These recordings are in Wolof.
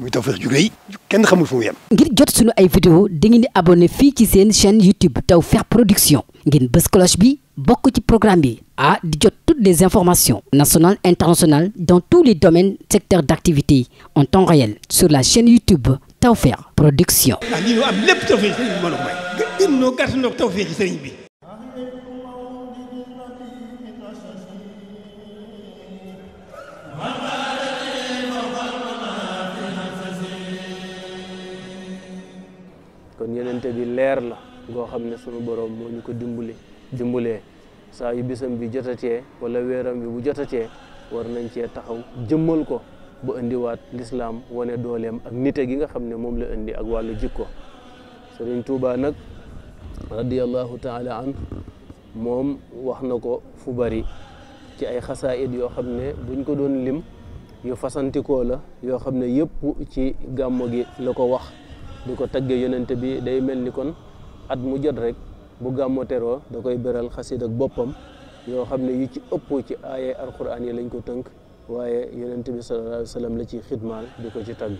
muy Tawfekh ju rëy kenn ngir jot sunu ay vidéo dangeen di abonné fii ci seen chaîne YouTube Tawfekh Production ngeen bës cloche bi bokk ci programme bi a di jot toutes les informations nationales internationales dans tous les domaines secteurs d'activité en temps réel sur la chaîne YouTube Tawfekh Production. Ah, kon yenente bi leer la goo xam ne sunu boroom mooñu ko dimbali dimbalee saa yu bisam bi jotatee wala weeram bi bu jotatee war nañ cee taxaw jëmmal ko ba indiwaat lislaam wane dooleem ak nite gi nga xam ne moom la indi ak wàllu jikko Sëriñ Tuubaa nag radiallahu taala an moom wax na ko fu bari ci ay xasaayit yoo xam ne buñ ko doon lim yu fasantikoo la yoo xam ne yëpp ci gàmmo gi la ko wax di ko taggee yonent bi day mel ni kon at mu rek bu gàmmo teroo da koy beral xasid boppam yoo xam ne yu ci ëpp ci aaya alquran yi lañ ko tënk waaye yonent bi sallallahu la ciy xidmaal di ko ci tagg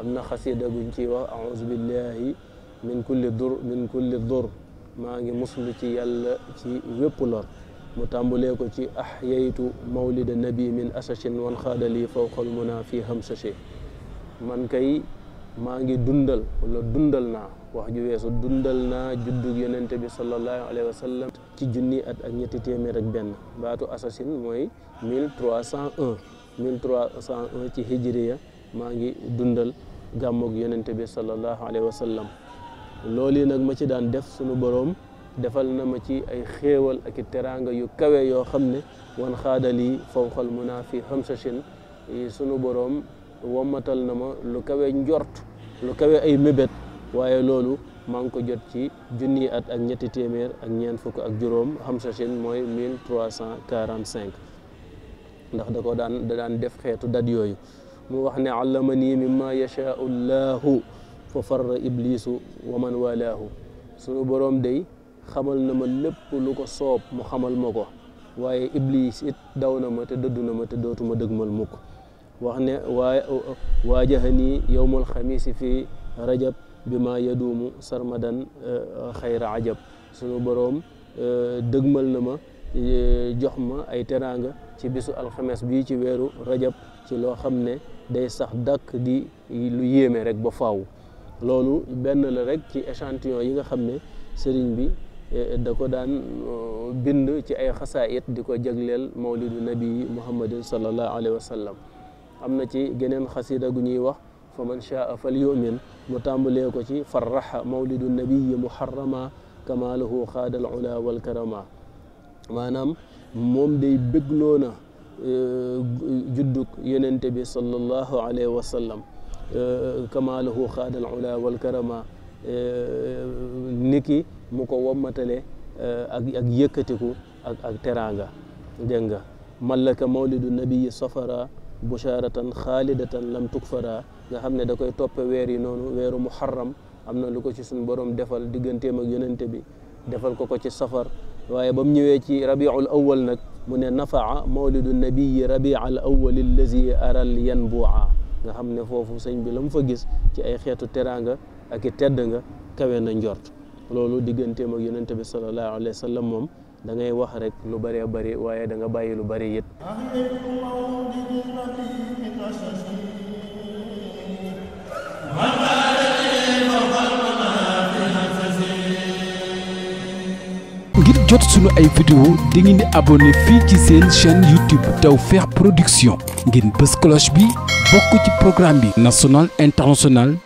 am na xasida guñ ciy wax auzu billahi min kulli dur maa ngi muslu ci yàlla ci wépp lor mu tàmbulee ko ci ahyaytu mawlida nabi min asashin wan xaadali fawqal muna fi hamsashi man kay maa ngi dundal wala dundal naa wax ju weesu dundal naa juddug yonente bi sallallahu alayhi wa sallam ci junni at ak ñetti téeméer ak benn baatu assasine mooy 1301 1301 ci hijriya maa ngi dundal gàmmug yonente bi sallallahu alayhi wa sallam loolu yi nag ma ci daan def sunu boroom defal na ma ci ay xéewal ak i teraanga yu kawe yoo xam ne wan xaadal yi fawxal munaa fi hamsachin sunu boroom wommatal na ma lu kawe njort lu kawe ay mébét waaye loolu maa ngi ko jot ci junni at ak ñetti téeméer ak ñeent fukk ak juróom xam sachin mooy 1345 ndax da ko daan da daan def xeetu dat yooyu mu wax ne allama nii mimma yashaau llaahu fa farra iblisu wa man sunu boroom day xamal na ma lépp lu ko soob mu xamal ma ko waaye iblis it daw na ma te dëddu na ma te dootuma dëgmal mukk wax ne waa waajahani yowmul xamisi fi rajab bi ma yaduumu sarmadan eh, xayra ajab sunu boroom eh, dëgmal na ma eh, jox ma ay teraanga ci bisu alxames bii ci weeru rajab ci loo xam ne day sax dàkk di lu yéeme rek ba faaw loolu benn la rek ci échantillon yi nga xam ne sëriñ bi da ko daan bind ci ay xasaayit di ko jagleel mawlidu nabi muhammadin sallallahu alayhi wa sallam am na ci geneen xasida gu ñuy wax fa man chaa fal yumin mu tàmbalee ko ci farraha mawlidu nabiyi muharrama kamaalahu xaadal ula wal karama maanaam moom day bégloo na euh, juddug yonente bi sallallahu alayhi wa sallam euh, kamaalahu xaadal ula wal euh, niki mu ko wommatale ak ak yëkkatiku ak ak teraanga dégg nga mallaka mawlidu nabiyi safara tan busharatan xaalidatan lam tukfara nga xam ne da koy toppe yi noonu weeru muharram am na lu ko ci suñu borom defal digganteem ak yonente bi defal ko ko ci safar waaye ba mu ñëwee ci rabiul awal nag mu ne nafaa mawlidu nabiyi rabial awal ara aral yanbu'a nga xam ne foofu sëñ bi la mu fa gis ci ay xeetu teraanga ak i tedd nga kawe na njort loolu diggante ak yonente bi sallallahu alayhi wa sallam moom da ngay wax lu bëree bëri waaye da bàyyi lu bëri it ngir jot sunu ay vidéo di ngeen di abonné fii ci seen chaîne YouTube Tawfekh Production ngeen bës cloche bi bokk ci programme bi national international